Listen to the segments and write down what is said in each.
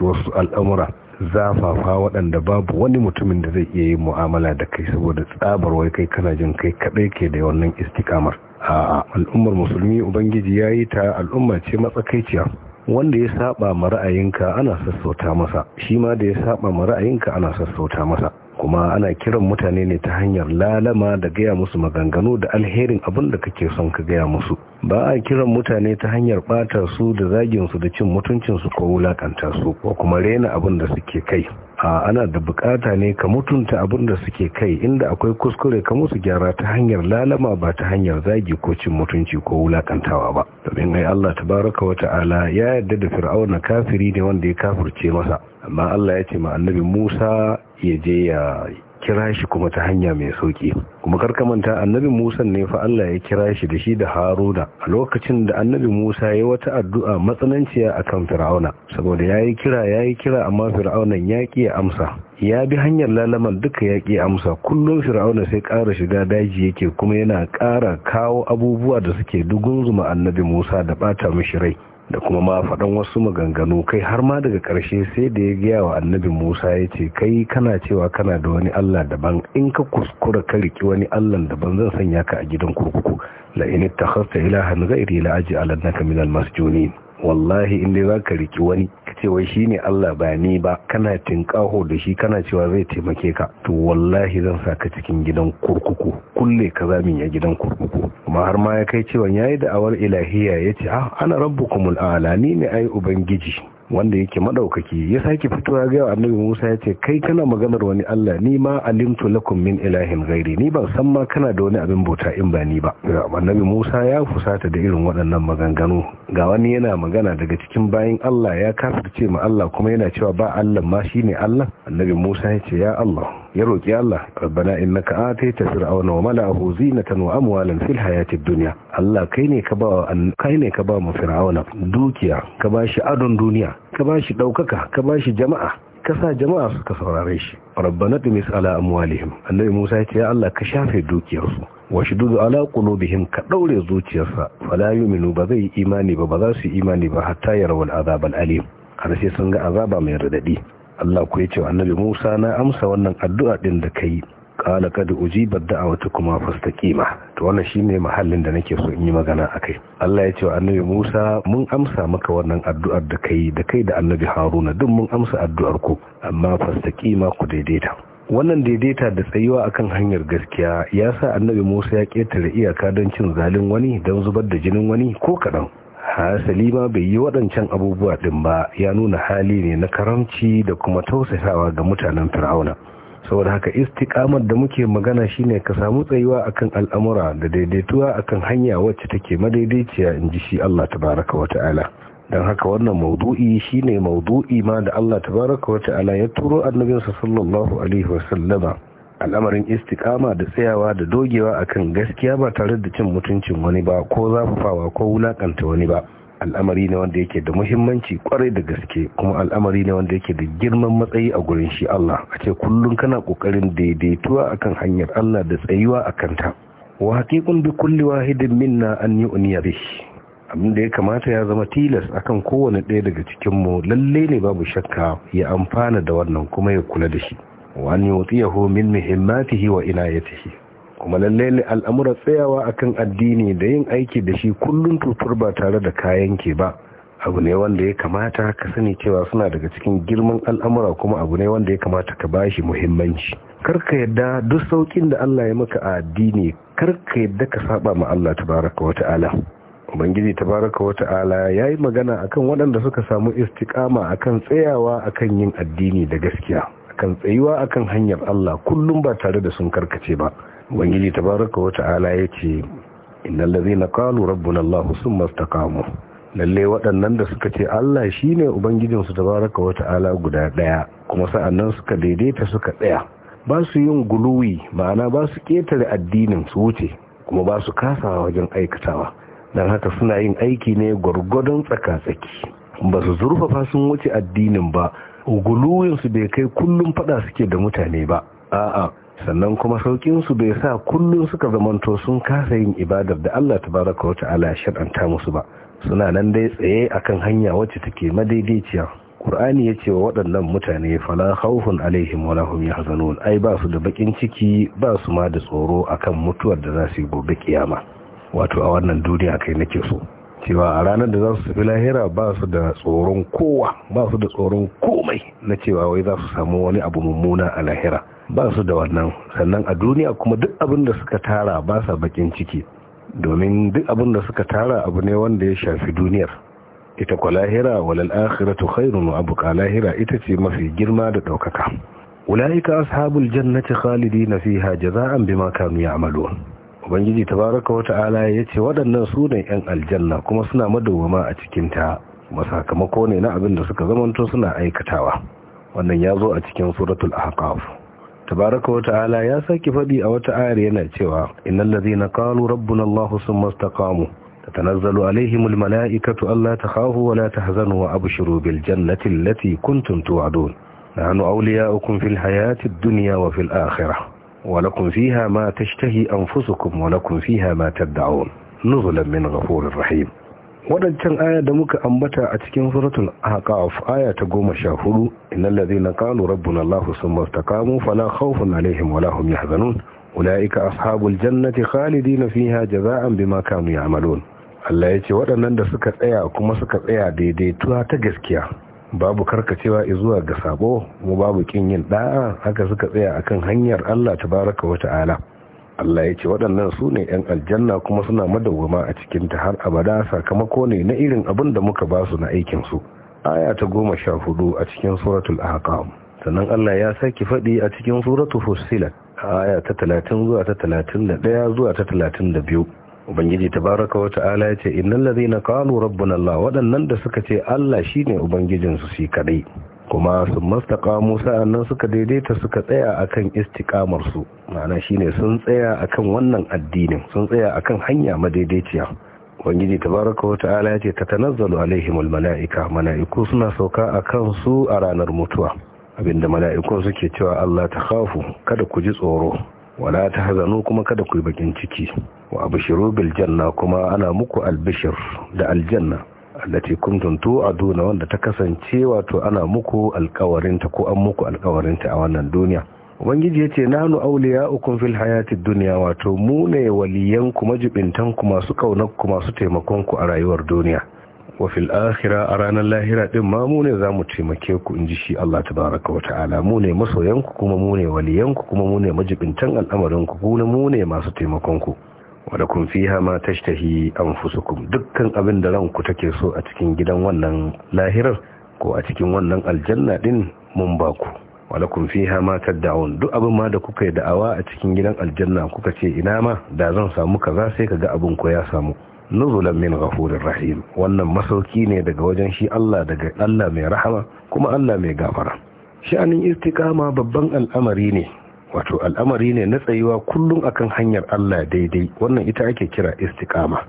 wasu al'amura zafafa waɗanda babu wani mutumin da zai iya yin mu'amala da kai saboda tsabar wai kai kana jin kai kaɗai ke da wannan istikamar a al'ummar musulmi ubangiji ya yi ta al'umma ce matsakaiciya wanda ya saba ma ra'ayinka ana sassauta masa shi ma da ya saba ma ra'ayinka ana sassauta masa kuma ana kiran mutane ne ta hanyar lalama da gaya musu maganganu da alherin abin da kake son ka gaya musu ba a kiran mutane ta hanyar bata su da zagin su da cin mutuncin su ko wulakanta su ko kuma rena abin da suke kai ana da bukata ne ka mutunta abin da suke kai inda akwai kuskure ka musu gyara ta hanyar lalama ba ta hanyar zagi ko cin mutunci ko wulakantawa ba domin ai Allah tabaraka wa ta'ala ya yarda da fir'auna kafiri ne wanda ya kafirce masa amma Allah ya ce ma annabi Musa ya je ya kira shi kuma ta hanya mai sauki kuma karkamanta annabi musa ne fa Allah ya kira shi da shi da haruna a lokacin da annabi musa ya wata addu'a matsananciya akan fir'auna saboda ya yi kira ya yi kira amma fir'aunan ya ƙi amsa ya bi hanyar lalaman duka ya ƙi amsa kullum fir'auna sai ƙara shiga daji yake kuma yana ƙara kawo abubuwa da suke dugunzuma annabi musa da ɓata mishi rai da kuma ma faɗan wasu maganganu kai har ma daga ƙarshe sai da ya gaya wa annabi musa ya ce kai kana cewa kana da wani allah daban in ka kuskura ka riki wani allah daban zan sanya ka a gidan kurkuku la in takhasta ilahan ghairi la aj'alannaka min al-masjunin wallahi inda za ka riki wani ka ce wai shi ne Allah ba ni ba kana tinkaho da shi kana cewa zai taimake ka to wallahi zan sa ka cikin gidan kurkuku kulle ka za yi ya gidan kurkuku kuma har ma ya kai cewa yayi da awar ilahiya ya ce ah ana rabbukumul a'la ni ne ai ubangiji wanda yake madaukaki ya sake fitowa ga annabi Musa ya ce kai kana maganar wani Allah ni ma alimtu lakum min ilahin ghairi ni ban san ma kana da wani abin bauta in ba ni ba annabi Musa ya fusata da irin waɗannan maganganu ga wani yana magana daga cikin bayan Allah ya kafirce ma Allah kuma yana cewa ba Allah ma shine Allah annabi Musa ya ce ya Allah ya roƙi Allah rabbana innaka ataita fir'auna wa mala'ahu zinatan wa amwalan fil hayati dunya Allah kai ne ka ba kai ne ka ba mu fir'auna dukiya ka ba shi adon duniya ka ba shi daukaka ka ba shi jama'a kasa jama'a suka saurare shi rabbana tumis ala amwalihim annabi Musa ya ce ya Allah ka shafe dukiyarsu wa shududu ala bihin ka ɗaure zuciyarsa falayu minu ba zai imani ba ba za su imani ba hatta yarawal azab alim har sai sun ga azaba mai radadi Allah ku ya yace annabi Musa na amsa wannan addu'a ɗin da kai qala kad ujibat da'awatukuma fastaqima to wannan shine mahallin da nake so in yi magana akai Allah ya wa annabi Musa mun amsa maka wannan addu'ar da kai da kai da annabi Haruna duk mun amsa addu'ar ku amma fastaqima ku daidaita wannan daidaita da tsayuwa akan hanyar gaskiya ya sa annabi musa ya ƙetare iyaka don cin zalin wani don zubar da jinin wani ko kaɗan hasali ma bai yi waɗancan abubuwa ɗin ba ya nuna hali ne na karamci da kuma tausasawa ga mutanen fir'auna saboda haka istikamar da muke magana shine ka samu tsayuwa akan al'amura da daidaituwa akan hanya wacce take madaidaiciya in ji shi Allah tabaraka wa ta'ala don haka wannan maudu'i shine maudu'i ma da Allah tabaraka wata'ala ya turo annabinsa sallallahu alaihi wasallama al'amarin istikama da tsayawa da dogewa akan gaskiya ba tare da cin mutuncin wani ba ko zafafawa ko wulakanta wani ba al'amari ne wanda yake da muhimmanci kwarai da gaske kuma al'amari ne wanda yake da girman matsayi a gurin shi Allah a ce kullum kana kokarin daidaituwa akan hanyar Allah da tsayuwa akan ta wa haqiqun bi kulli wahidin minna an yu'niya bihi abinda ya kamata ya zama tilas akan kowane ɗaya daga cikinmu lalle ne babu shakka ya amfana da wannan kuma ya kula da shi wani yutiyahu min muhimmatihi wa ina tafi kuma lalle ne al'amuran tsayawa akan addini da yin aiki da shi kullum tutur ba tare da kayan ke ba abu ne wanda ya kamata ka sani cewa suna daga cikin girman al'amura kuma abu ne wanda ya kamata ka bashi muhimmanci karka yadda duk saukin da Allah ya maka a addini karka yadda ka saba ma Allah tabaraka wa ta'ala ubangiji tabaraka wa ya yi magana akan waɗanda suka samu a akan tsayawa akan yin addini da gaskiya akan tsayuwa akan hanyar Allah kullum ba tare da sun karkace ba ubangiji tabaraka wa ta'ala yace innal ladzina qalu rabbuna Allah summa istaqamu lalle waɗannan da suka ce Allah shine ubangijinsu tabaraka wa ta'ala guda ɗaya kuma sa'annan suka daidaita suka ɗaya. ba su yin guluwi ma'ana ba su ƙetare addinin su wuce kuma ba su kasawa wajen aikatawa dan haka suna yin aiki ne gwargwadon tsaka-tsaki ba su zurfafa sun wuce addinin ba guluwinsu bai kai kullum fada suke da mutane ba a'a sannan kuma sauƙinsu bai sa kullum suka zamanto sun kasa yin ibadar da Allah tabaraka wa ta'ala ya shar'anta musu ba suna nan dai tsaye akan hanya wacce take madaidaiciya Qur'ani ya ce wa waɗannan mutane fala khawfun alaihim wala hum yahzanun ai ba su da bakin ciki ba su ma da tsoro akan mutuwar da za su yi gobe kiyama wato a wannan duniya kai nake so cewa a ranar da za su fi lahira ba su da tsoron kowa ba su da tsoron komai na cewa wai za su samu wani abu mummuna a lahira ba su da wannan sannan a duniya kuma duk abin da suka tara ba sa bakin ciki domin duk abin da suka tara abu ne wanda ya shafi duniyar ita kwa lahira walal akhiratu khairun wa abqa lahira ita ce mafi girma da daukaka ulaika ashabul jannati khalidina fiha jazaan bima kanu ya'malun ubangiji tabaraka wa ta'ala ya ce waɗannan su ne ƴan aljanna kuma suna madawwama a cikin ta kuma sakamako ne na abin da suka zamanto suna aikatawa wannan ya zo a cikin suratul ahqaf tabaraka wa ta'ala ya saki fadi a wata ayar yana cewa innal ladhina qalu rabbuna allah thumma istaqamu tatanazzalu alaihimul mala'ikatu alla takhafu wa la tahzanu wa abshiru bil jannati allati kuntum tu'adun nahnu awliya'ukum fil hayati ad-dunya wa fil akhirah ولكم فيها ما تشتهي أنفسكم ولكم فيها ما تدعون نزلا من غفور رحيم waɗancan aya da muka ambata a cikin suratul ahqaf aya ta goma sha hudu innal ladhina qalu rabbuna allah summa istaqamu fala khawfun alaihim wala hum yahzanun ulaika ashabul jannati khalidina fiha jazaan bima kanu ya'malun Allah ya ce waɗannan da suka tsaya kuma suka tsaya daidaituwa ta gaskiya babu karkacewa zuwa ga sabo mu babu kin yin da haka suka tsaya akan hanyar Allah tabaraka wa ta'ala Allah ya ce waɗannan su ne ‘yan aljanna kuma suna madawwama a cikin ta har abada sakamako ne na irin abin da muka ba su na su. Aya ta goma sha hudu a cikin suratul Ahqam. Sannan Allah ya saki faɗi a cikin suratul Fussilat aya ta talatin zuwa ta talatin da ɗaya zuwa ta talatin da biyu. ubangiji tabaraka wa ta'ala ya ce innal ladhina qalu rabbuna allah waɗannan da suka ce allah shine ubangijin su shi kadai kuma sun mastaqamu sa'annan suka daidaita suka tsaya akan istiqamar su ma'ana shine sun tsaya akan wannan addinin sun tsaya akan hanya madaidaiciya ubangiji tabaraka wa ta'ala ya ce tatanazzalu alaihimul mala'ika mala'iku suna sauka akan su a ranar mutuwa abinda mala'ikun suke cewa allah ta khafu kada ku ji tsoro wala ta hazanu kuma kada ku yi bakin ciki wa abshiru bil janna kuma ana muku albishir da aljanna allati kuntum tu'aduna wanda ta kasance wato ana muku alkawarinta ko an muku alkawarinta a wannan duniya ubangiji yace nanu awliya'ukum fil hayati duniya wato mu ne waliyanku majibintanku masu kaunarku masu taimakonku a rayuwar duniya wa fil akhira a ranar lahira din ma mu ne zamu taimake ku inji shi Allah tabaraka wa ta'ala mu ne masoyanku kuma mu ne waliyanku kuma mu ne majibintan al'amarin ku mu ne masu ku. wadakun fiha ma tashtahi anfusukum dukkan abin da ranku take so a cikin gidan wannan lahirar ko a cikin wannan aljanna din mun ba baku walakum fiha ma tad'un duk abin ma da kuka yi da'awa a cikin gidan aljanna kuka ce ina ma da zan samu kaza sai ka ga abin ko ya samu nuzulan min ghafurir rahim wannan masauki ne daga wajen shi Allah daga Allah mai rahama kuma Allah mai gafara sha'anin istiqama babban al'amari ne wato al'amari ne na tsayuwa kullum akan hanyar Allah daidai wannan ita ake kira istiqama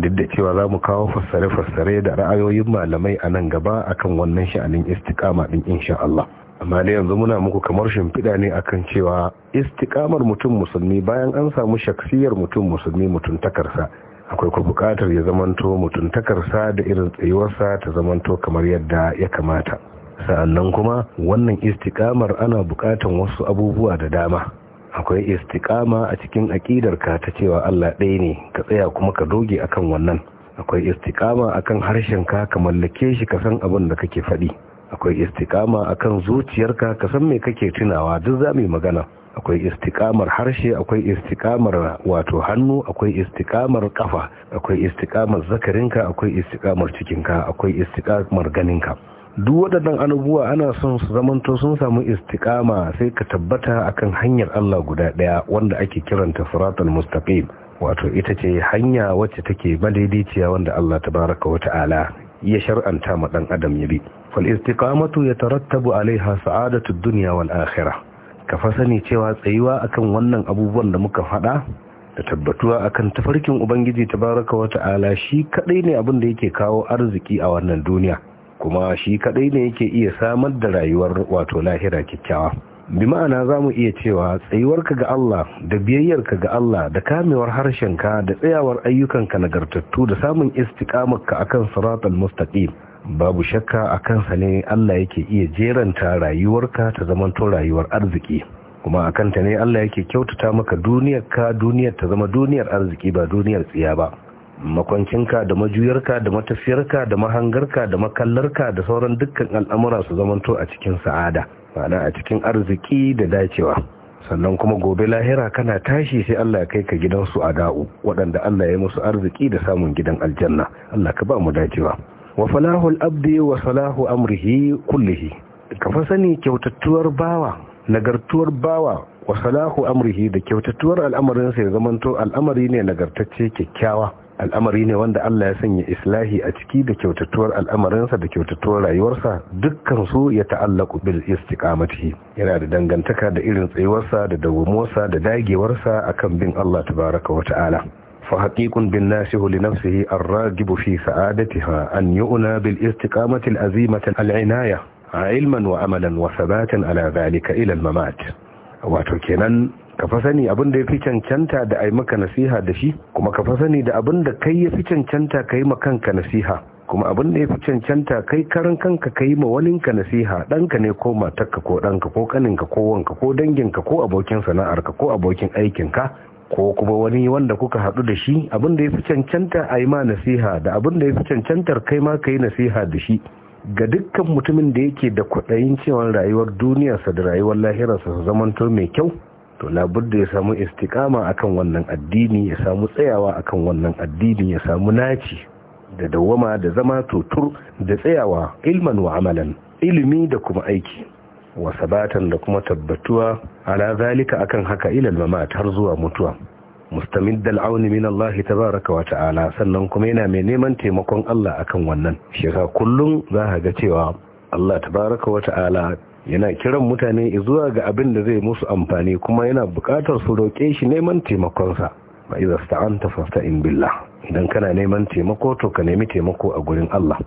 duk da cewa za mu kawo fassare-fassare da ra'ayoyin malamai a nan gaba akan wannan sha'anin istiqama din insha Allah amma da yanzu muna muku kamar shimfiɗa ne akan cewa istiqamar mutum musulmi bayan an samu shaksiyar mutum musulmi mutuntakarsa akwai ku buƙatar ya zamanto mutuntakarsa da irin tsayuwarsa ta zamanto kamar yadda ya kamata sa'annan kuma wannan istiƙamar ana buƙatar wasu abubuwa da dama akwai istiƙama a cikin ka ta cewa Allah ɗaya ne ka tsaya kuma ka doge akan wannan akwai a akan harshen ka ka mallake shi ka san abin da kake faɗi akwai istiƙama akan zuciyarka ka san me kake tunawa duk za mu magana akwai istikamar harshe akwai istikamar wato hannu akwai istikamar kafa akwai istikamar zakarinka akwai istikamar cikinka akwai istikamar ganinka duk waɗannan anubuwa ana son su zamanto sun samu istiƙama sai ka tabbata akan hanyar Allah guda ɗaya wanda ake kiranta siratal mustaqim wato ita ce hanya wacce take madaidaiciya wanda Allah tabaraka wa ta'ala ya shar'anta ma dan adam ya bi fal istiqamatu yatarattabu alaiha sa'adatu dunya wal akhirah ka fa sani cewa tsayuwa akan wannan abubuwan da muka faɗa da tabbatuwa akan tafarkin ubangiji tabaraka wa ta'ala shi kadai ne abin da yake kawo arziki a wannan duniya kuma shi kadai ne yake iya samar da rayuwar wato lahira kyakkyawa bi ma'ana za mu iya cewa tsayuwarka ga Allah da biyayyarka ga Allah da kamewar harshenka da tsayawar ayyukanka nagartattu da samun istiqamarka akan siratal mustaqim babu shakka a sa ne Allah yake iya jeranta rayuwarka ta zamanto rayuwar arziki kuma a kanta ne Allah yake kyautata maka duniyarka duniyar ta zama duniyar arziki ba duniyar tsiya ba makwancinka da majuyarka da matafiyarka da mahangarka da makallarka da sauran dukkan al'amura su zamanto a cikin sa'ada ma'ana a cikin arziki da dacewa sannan kuma gobe lahira kana tashi sai Allah ya kai ka gidan su a da'u waɗanda Allah ya musu arziki da samun gidan aljanna Allah ka ba mu dacewa wa al abdi wa salahu amrihi kullihi ka fa sani kyautattuwar bawa nagartuwar bawa wa salahu amrihi da kyautattuwar al'amarin sai zamanto al'amari ne nagartacce kyakkyawa al'amari ne wanda Allah ya sanya islahi a ciki da kyautatuwar al'amarinsa da kyautatuwar rayuwarsa dukkan su ya ta'allaku bil istiqamati yana da dangantaka da irin tsayuwarsa da dawwamuwarsa da dagewarsa akan bin Allah tabaraka wa ta'ala فحقيق بالناسه لنفسه الراغب في سعادتها أن يؤنى بالاستقامة الأزيمة wa علما وعملا وثباتا على ذلك mamat wato kenan. ka fa sani abin da ya fi cancanta da a yi maka nasiha da shi kuma ka fa sani da abin da kai ya fi cancanta ka yi kanka nasiha kuma abin da ya fi cancanta kai karan kanka ka yi ma waninka nasiha ɗanka ne ko matarka ko ɗanka ko kaninka ko wanka ko danginka ko abokin sana'arka ko abokin aikinka ko kuma wani wanda kuka haɗu da shi abin da ya fi cancanta a yi ma nasiha da abin da ya fi cancantar kai ma ka yi nasiha da shi ga dukkan mutumin da yake da kwaɗayin cewa rayuwar duniyarsa da rayuwar lahirarsa su zamanto mai kyau to labudda ya samu istikama akan wannan addini ya samu tsayawa akan wannan addini ya samu naci da dawama da zama tutur da tsayawa ilman wa amalan ilimi da kuma aiki wa sabatan da kuma tabbatuwa ala zalika akan haka ilal mamat har zuwa mutuwa mustamid auni min Allah tabaaraka wa ta'ala sannan kuma yana mai neman taimakon Allah akan wannan shi kullum za ga cewa Allah tabaraka wa ta'ala yana kiran mutane zuwa ga abin da zai musu amfani kuma yana bukatar su roƙe shi neman taimakonsa ba iza sta'anta in billa idan kana neman taimako to ka nemi taimako a gurin Allah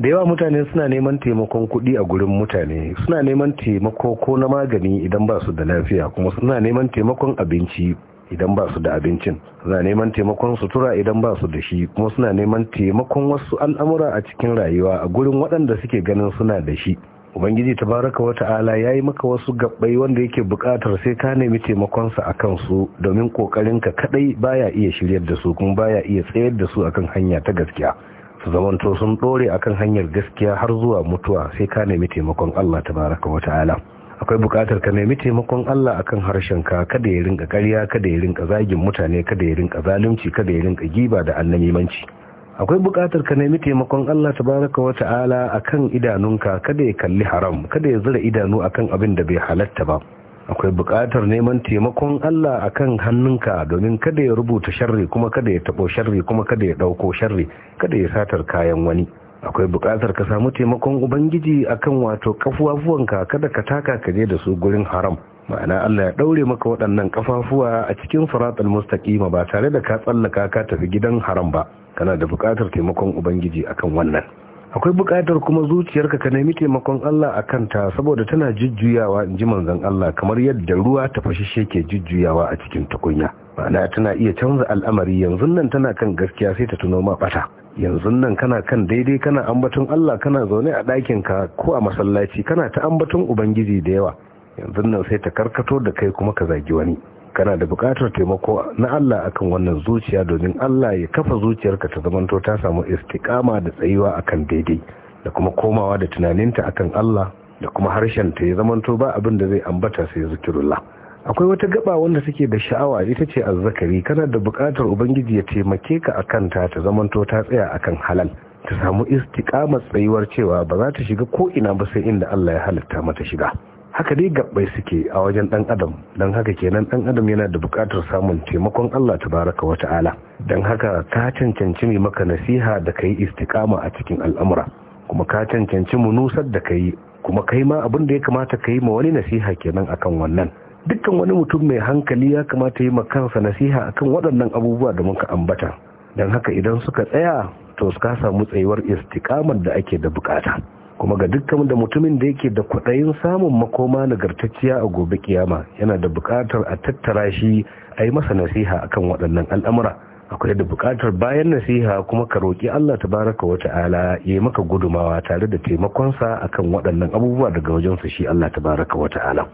da yawa mutane suna neman taimakon kuɗi a gurin mutane suna neman taimako ko na magani idan ba su da lafiya kuma suna neman taimakon abinci idan ba su da abincin suna neman taimakon sutura idan ba su da shi kuma suna neman taimakon wasu al'amura a cikin rayuwa a gurin waɗanda suke ganin suna da shi ubangiji tabaraka wa ta'ala ya yi maka wasu gabbai wanda yake bukatar sai ka nemi taimakonsa a kansu domin kokarin ka kadai baya iya shiryar da su kuma baya iya tsayar da su akan hanya ta gaskiya su zamanto sun dore akan hanyar gaskiya har zuwa mutuwa sai ka nemi taimakon Allah tabaraka wa ta'ala akwai bukatar ka nemi taimakon Allah akan harshen ka kada ya rinka ƙarya kada ya rinka zagin mutane kada ya rinka zalunci kada ya rinka giba da annabimanci akwai bukatar ka nemi taimakon Allah tabaraka wa ta'ala akan idanunka kada ya kalli haram kada ya zura idanu a kan abin da bai halatta ba akwai bukatar neman taimakon Allah a kan hannunka domin kada ya rubuta sharri kuma kada ya tabo sharri kuma kada ya ɗauko sharri kada ya satar kayan wani akwai bukatar ka samu taimakon ubangiji akan wato kafuwafuwanka kada ka taka ka je da su gurin haram ma'ana Allah ya ɗaure maka waɗannan kafafuwa a cikin siratal mustaqima ba tare da ka tsallaka ka tafi gidan haram ba kana da buƙatar taimakon ubangiji akan wannan akwai buƙatar kuma zuciyarka ka nemi taimakon Allah a kanta saboda tana jujjuyawa in ji manzon Allah kamar yadda ruwa ta fashishe ke jujjuyawa a cikin tukunya ma'ana tana iya canza al'amari yanzu nan tana kan gaskiya sai ta tuno ma bata yanzu nan kana kan daidai kana ambaton Allah kana zaune a ɗakin ka ko a masallaci kana ta ambaton ubangiji da yawa yanzu nan sai ta karkato da kai kuma ka zagi wani kana da bukatar taimako na Allah akan wannan zuciya domin Allah ya kafa zuciyarka ta zamanto ta samu istiqama da tsayuwa akan daidai da kuma komawa da tunaninta akan Allah da kuma harshen ta ya zamanto ba abin da zai ambata sai zikirullah akwai wata gaba wanda take da sha'awa ita ce azzakari kana da bukatar ubangiji ya taimake ka akan ta ta zamanto ta tsaya akan halal ta samu istiqama tsayuwar cewa ba za ta shiga ko ina ba sai inda Allah ya halitta mata shiga haka dai gabbai suke a wajen dan adam don haka kenan dan adam yana da bukatar samun taimakon Allah ta baraka wa ta'ala don haka ka cancanci ne maka nasiha da ka yi istikama a cikin al'amura kuma ka cancanci mu nusar da ka yi kuma kai ma abin da ya kamata ka yi ma wani nasiha kenan akan wannan dukkan wani mutum mai hankali ya kamata yi kansa nasiha akan waɗannan abubuwa da muka ambata don haka idan suka tsaya to suka samu tsayuwar istikamar da ake da bukata kuma ga dukkan da mutumin da yake da kwaɗayin samun makoma nagartacciya a gobe kiyama yana da bukatar a tattara shi a yi masa nasiha akan waɗannan al'amura akwai da bukatar bayan nasiha kuma ka roƙi Allah baraka wa ta'ala ya yi maka gudumawa tare da taimakonsa akan waɗannan abubuwa daga wajensa shi Allah ta baraka wa ta'ala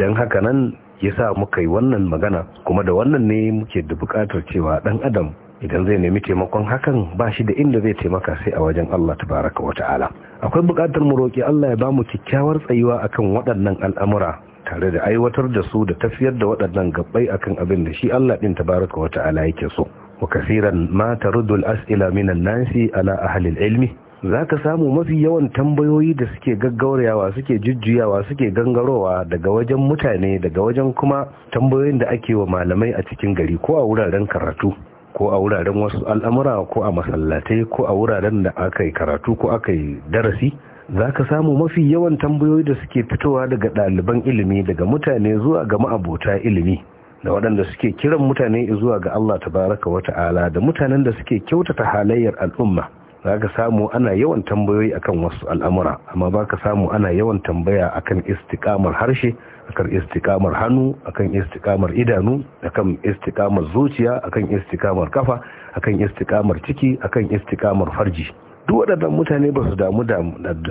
don haka nan ya sa muka yi wannan magana kuma da wannan ne muke da bukatar cewa ɗan adam idan zai nemi taimakon hakan ba shi da inda zai taimaka sai a wajen Allah tabaraka wa ta'ala akwai buƙatar mu roƙi Allah ya ba mu kyakkyawar tsayuwa akan waɗannan al'amura tare da aiwatar da su da tafiyar da waɗannan gabbai akan abin da shi Allah ɗin tabaraka wa ta'ala yake so wa kasiran ma taruddu al-as'ila minan nasi ala ahli al-ilmi za ka samu mafi yawan tambayoyi da suke gaggaurayawa suke jujjuyawa suke gangarowa daga wajen mutane daga wajen kuma tambayoyin da ake wa malamai a cikin gari ko a wuraren karatu ko a wuraren wasu al'amura ko a masallatai ko a wuraren da aka yi karatu ko aka yi darasi za ka samu mafi yawan tambayoyi da suke fitowa daga ɗaliban ilimi daga mutane zuwa ga ma'abota ilimi da waɗanda suke kiran mutane zuwa ga Allah tabaraka wa ta'ala da mutanen da suke kyautata halayyar al'umma za ka samu ana yawan tambayoyi akan wasu al'amura amma ba ka samu ana yawan tambaya akan istikamar harshe akan istikamar hannu akan istikamar idanu akan istikamar zuciya akan istikamar kafa akan istikamar ciki akan istikamar farji duk waɗannan mutane ba su damu da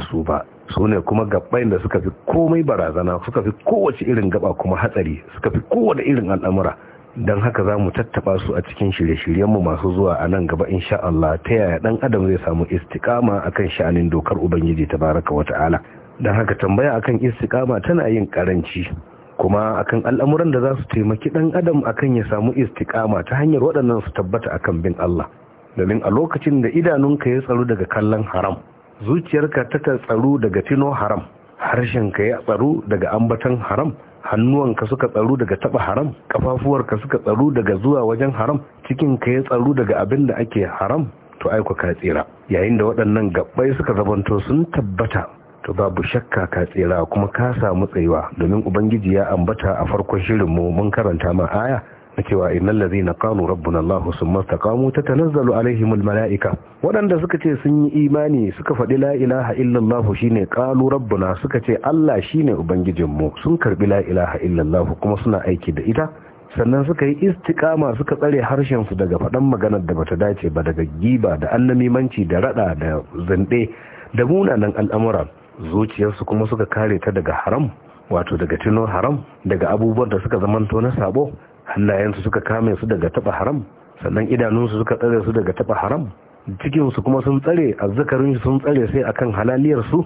su ba su ne kuma gaɓɓai da suka fi komai barazana suka fi kowace irin gaba kuma hatsari suka fi kowane irin al'amura don haka za mu tattaba su a cikin shirye-shiryenmu masu zuwa a nan gaba insha Allah ta yaya dan adam zai samu istikama kan sha'anin dokar ubangiji ta baraka wa ta'ala don haka tambaya a kan istikama tana yin karanci kuma a kan al'amuran da za su taimaki dan adam akan ya samu istikama ta hanyar waɗannan su tabbata a kan bin Allah domin a lokacin da idanunka ya tsaro daga kallon haram zuciyarka ta tsaro daga tino haram harshenka ya tsaro daga ambaton haram hannuwanka suka tsaru daga taba haram kafafuwarka suka tsaru daga zuwa wajen haram cikinka ya tsaru daga abin da ake haram to aiko ka tsira yayin da waɗannan gabbai suka zabanto sun tabbata to babu shakka ka tsira kuma ka samu tsayuwa domin ubangiji ya ambata a farkon shirin mu mun karanta ma aya da cewa innal ladzina qalu rabbuna Allah summa taqamu tatanazzalu alaihimul malaika waɗanda suka ce sun yi imani suka faɗi la ilaha allah shine qalu rabbuna suka ce Allah shine ubangijin mu sun karbi la ilaha allah kuma suna aiki da ita sannan suka yi istikama suka tsare harshen su daga faɗan maganar da bata dace ba daga giba da annamimanci da rada da zinde da munanan al'amura zuciyarsu kuma suka kare ta daga haram wato daga tuno haram daga abubuwan da suka zamanto na sabo hannayensu suka kame su daga taba haram sannan idanunsu suka tsare su daga taba haram cikinsu kuma sun tsare azzakarin sun tsare sai akan halaliyarsu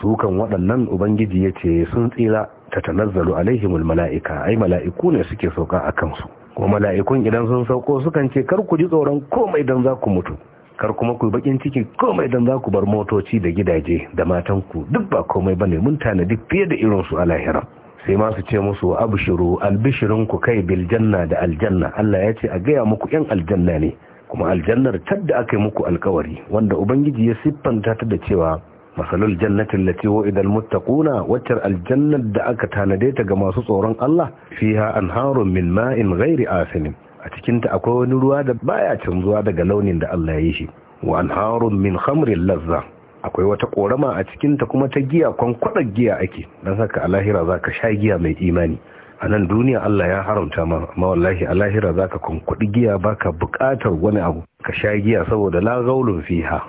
su kan waɗannan ubangiji ya ce sun tsira ta tanazzalu alaihimul mala'ika ai mala'iku ne suke sauka a kansu ko mala'ikun idan sun sauko su kan ce kar ku ji tsoron komai don za ku mutu kar kuma ku bakin ciki komai don za ku bar motoci da gidaje da matanku duk ba komai bane mun tanadi fiye da irinsu a lahira sai masu ce musu abshiru albishirin ku kai Biljanna da aljanna Allah ya ce a gaya muku yan aljanna ne kuma aljannar tad da aka yi muku alkawari wanda ubangiji ya siffanta ta da cewa masalul jannati allati wa'ida almuttaquna wacce aljannar da aka tanade ta ga masu tsoron Allah fiha anharun min ma'in ghairi asin a cikinta akwai wani ruwa da baya canzuwa daga launin da Allah ya yi shi wa anharun min khamrin lazza akwai wata korama a cikinta kuma ta giya kwankwadar giya ake don haka a lahira za ka sha giya mai imani a nan duniya Allah ya haramta ma amma wallahi a lahira za ka kwankwaɗi giya ba ka buƙatar wani abu ka sha giya saboda la gaulun fiha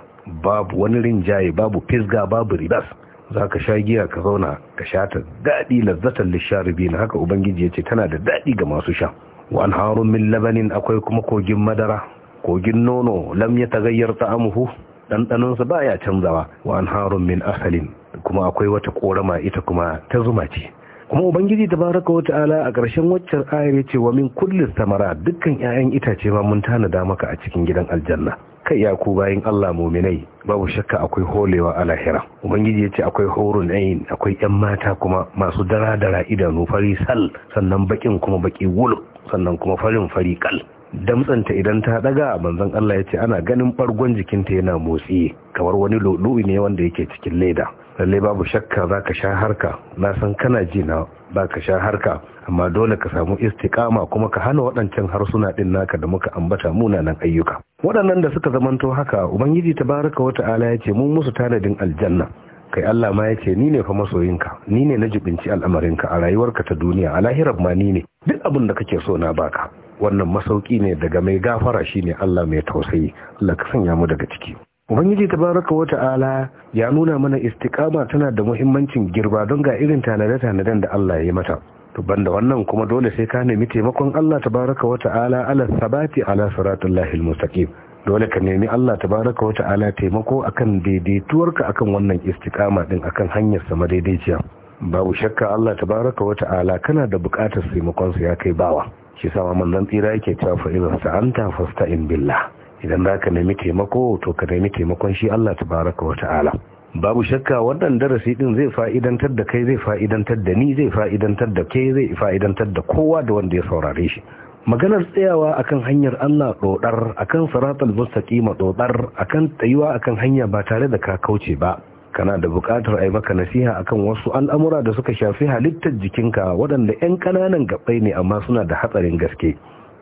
babu wani rinjaye babu fisga babu ribas za ka sha giya ka zauna ka sha ta daɗi lazzatar lisharibi na haka ubangiji ya ce tana da daɗi ga masu sha wa harun min labanin akwai kuma kogin madara kogin nono lam ya tagayyar Amuhu. ɗanɗanonsa ba ya canzawa wa an harun min asalin kuma akwai wata ƙorama ita kuma ta zuma ce kuma ubangiji ta baraka wa ta'ala a ƙarshen waccan ayar ce wa min kullin samara dukkan 'ya'yan itace ma mun tanada maka a cikin gidan aljanna kai ya ku bayan Allah muminai babu shakka akwai holewa a lahira ubangiji ya ce akwai horun ayin akwai 'yan mata kuma masu dara dara idanu fari sal sannan bakin kuma baki wulu, sannan kuma farin fari kal damtsanta idan ta daga manzon Allah ya ce ana ganin bargon jikinta yana motsi kamar wani lulu'i ne wanda yake cikin leda lalle babu shakka za ka sha harka na san kana ji na ba ka sha harka amma dole ka samu istikama kuma ka hana waɗancan harsuna ɗin naka da muka ambata nan ayyuka waɗannan da suka zamanto haka ubangiji ta tabaraka wata'ala ya ce mun musu tanadin aljanna kai Allah ma ya ce ni ne fa masoyinka ni ne na jibinci al'amarinka a rayuwarka ta duniya a lahirar ma ni ne duk abin da kake so na baka wannan masauki ne daga mai gafara shine Allah mai tausayi Allah ka sanya mu daga ciki Ubangiji tabaraka wata ala ya nuna mana istikama tana da muhimmancin girba don ga irin tanade-tanaden da Allah ya yi mata to banda wannan kuma dole sai ka nemi taimakon Allah tabaraka wa ta'ala ala sabati ala siratillahi almustaqim dole ka nemi Allah tabaraka wa ta'ala taimako akan daidaituwarka akan wannan istiqama din akan hanyar sama daidaiciya babu shakka Allah tabaraka wa ta'ala kana da bukatar taimakon sa ya kai bawa ke sama mallan tsira yake cewa fa idan sa'anta in billah idan za ka nemi taimako to ka nemi taimakon shi Allah tabaraka wa ta'ala babu shakka wannan darasi din zai fa'idantar da kai zai fa'idantar da ni zai fa'idantar da kai zai fa'idantar da kowa da wanda ya saurare shi maganar tsayawa akan hanyar Allah dodar akan siratal mustaqima dodar akan tsayuwa akan hanya ba tare da ka kauce ba kana da buƙatar a yi maka nasiha akan wasu al'amura da suka shafi halittar jikinka waɗanda 'yan ƙananan gaɓai ne amma suna da hatsarin gaske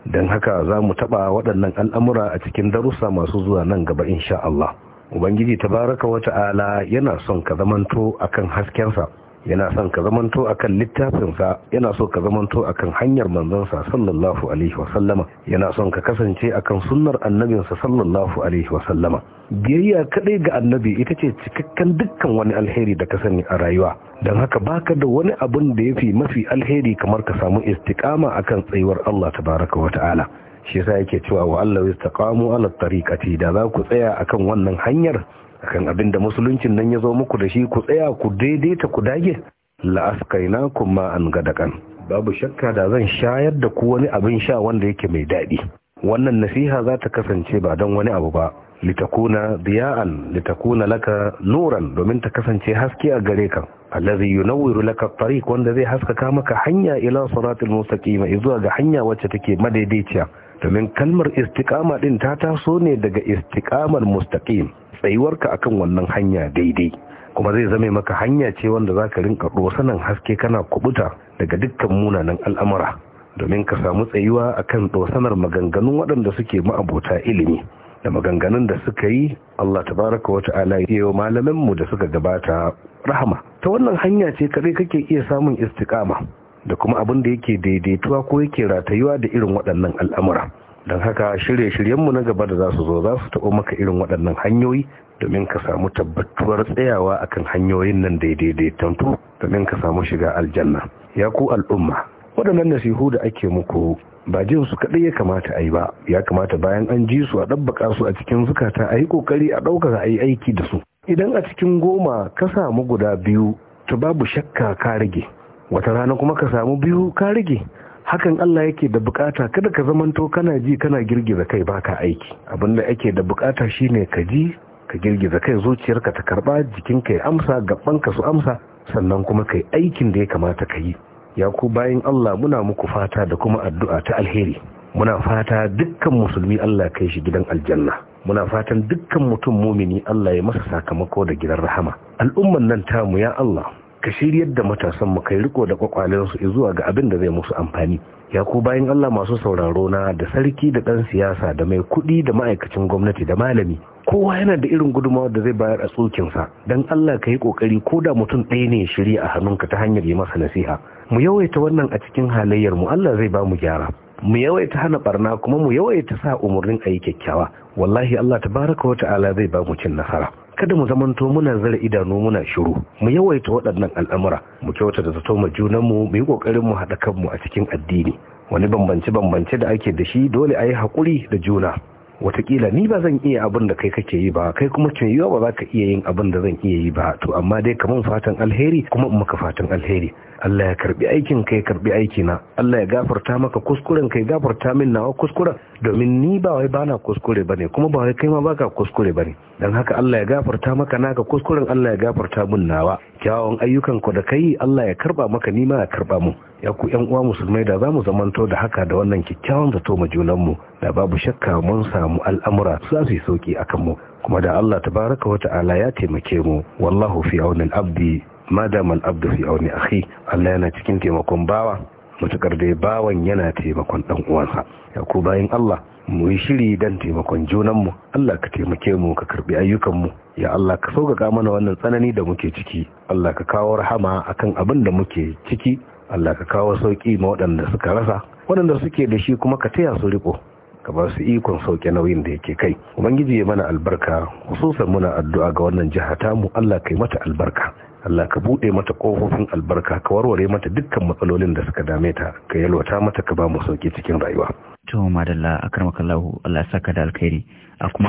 don haka za mu taɓa waɗannan al'amura a cikin darussa masu zuwa nan gaba insha Allah ubangiji tabaraka wata'ala ala yana son ka zamanto akan haskensa yana son ka zamanto akan littafinsa yana so ka zamanto akan hanyar manzansa sallallahu alaihi wasallama yana son ka kasance akan sunnar annabinsa sallallahu alaihi wasallama biyayya kadai ga annabi ita ce cikakken dukkan wani alheri da ka sani a rayuwa don haka baka da wani abun da ya fi mafi alheri kamar ka samu istiqama akan tsayuwar Allah tabaraka wa ta'ala shi yasa yake cewa wa Allah yastaqamu ala tariqati da za ku tsaya akan wannan hanyar akan abin da musuluncin nan ya zo muku da shi ku tsaya ku daidaita ku dage la'askaina kuma an gadakan babu shakka da zan shayar da ku wani abin sha wanda yake mai daɗi wannan nasiha za ta kasance ba don wani abu ba litakuna diya'an litakuna laka nuran domin ta kasance haske a gare ka allazi yunawwiru laka tariq wanda zai haskaka maka hanya ila siratil mustaqim zuwa ga hanya wacce take madaidaiciya domin kalmar istiqama din ta taso ne daga istiqamar mustaqim tsayuwarka akan wannan hanya daidai kuma zai zame maka hanya ce wanda za ka rinka sanin haske kana kubuta daga dukkan munanan al'amura domin ka samu tsayuwa akan sanar maganganun waɗanda suke ma'abota ilimi da maganganun da suka yi Allah tabaraka wa ta'ala ya yi malaminmu da suka gabata rahama ta wannan hanya ce kare kake iya samun istikama da kuma abin da yake daidaituwa ko yake ratayuwa da irin waɗannan al'amura don haka shirye-shiryenmu na gaba da za su zo za su taɓo maka irin waɗannan hanyoyi domin ka samu tabbatuwar tsayawa akan hanyoyin nan daidaitantu domin ka samu shiga aljanna ya ku al'umma waɗannan nasihu da ake muku ba jin su kaɗai ya kamata a yi ba ya kamata bayan an ji su a ɗabbaka su a cikin zukata a yi ƙoƙari a ɗauka, a yi aiki da su idan a cikin goma ka samu guda biyu to babu shakka ka rage wata rana kuma ka samu biyu ka rage hakan Allah yake da bukata kada ka zamanto kana ji kana girgiza kai baka aiki Abin abinda ake da bukata shine ka ji ka girgiza kai zuciyarka ta karba jikinka ya amsa gabanka su amsa sannan kuma kai aikin da ya kamata ka yi ya ku bayan Allah muna muku fata da kuma addu'a ta alheri muna fata dukkan musulmi Allah kai shi gidan aljanna muna fatan dukkan mutum mumini Allah ya masa sakamako da gidan rahama al'umman nan tamu ya Allah ka shiryar da matasan mu kai riko da kwakwalen su zuwa ga abin da zai musu amfani ya ku bayan Allah masu sauraro na da sarki da dan siyasa da mai kuɗi da ma'aikacin gwamnati da malami kowa yana da irin gudumawa da zai bayar a tsokinsa don Allah ka yi kokari ko da mutum ɗaya ne shirya a hannunka ta hanyar yi masa nasiha mu yawaita wannan a cikin halayyar mu Allah zai ba mu gyara mu yawaita hana barna kuma mu yawaita sa umarnin a yi kyakkyawa wallahi Allah tabaraka wa ta'ala zai ba mu cin nasara kada mu zamanto muna zara idanu muna shiru mu yawaita waɗannan al'amura mu kyauta da zato ma junanmu mu yi ƙoƙarin mu haɗa kanmu a cikin addini wani bambance bambance da ake da shi dole a yi haƙuri da juna watakila ni ba zan iya abin da kai kake yi ba kai kuma cin yiwa ba za ka iya yin abin da zan iya yi ba to amma dai kaman fatan alheri kuma in maka fatan alheri Allah ya karbi aikin kai karbi na Allah ya gafarta maka kuskuren kai gafarta min nawa kuskuren domin ni ba wai bana kuskure bane kuma ba wai kai ma baka kuskure bane dan haka Allah ya gafarta maka naka kuskuren Allah ya gafarta min nawa kyawun ayyukan ku da kai Allah ya karba maka ni ma ya karba mu ya ku yan uwa musulmai da zamu zamanto da haka da wannan kikkiawan zato mu junan mu da babu shakka mun samu al'amura su su yi sauki akan mu kuma da Allah tabaraka wa ta'ala ya taimake mu wallahu fi aunil abdi Madaman Abdu fi auni akhi Allah yana cikin taimakon bawa matukar dai bawan yana taimakon dan uwansa ya ku bayan Allah mu yi shiri dan taimakon junanmu Allah ka taimake mu ka karbi ayyukanmu ya Allah ka sauƙaƙa mana wannan tsanani da muke ciki Allah ka kawo rahama akan abin da muke ciki Allah ka kawo sauƙi ma waɗanda suka rasa waɗanda suke da shi kuma ka taya su riko ka ba su ikon sauke nauyin da yake kai ubangiji ya mana albarka hususan muna addu'a ga wannan jiha tamu Allah kai mata albarka Allah ka buɗe mata ƙofofin albarka ka warware mata dukkan matsalolin da suka dame ta ka yalwata mata ka ba mu sauki cikin rayuwa to madalla Allah saka da alkhairi a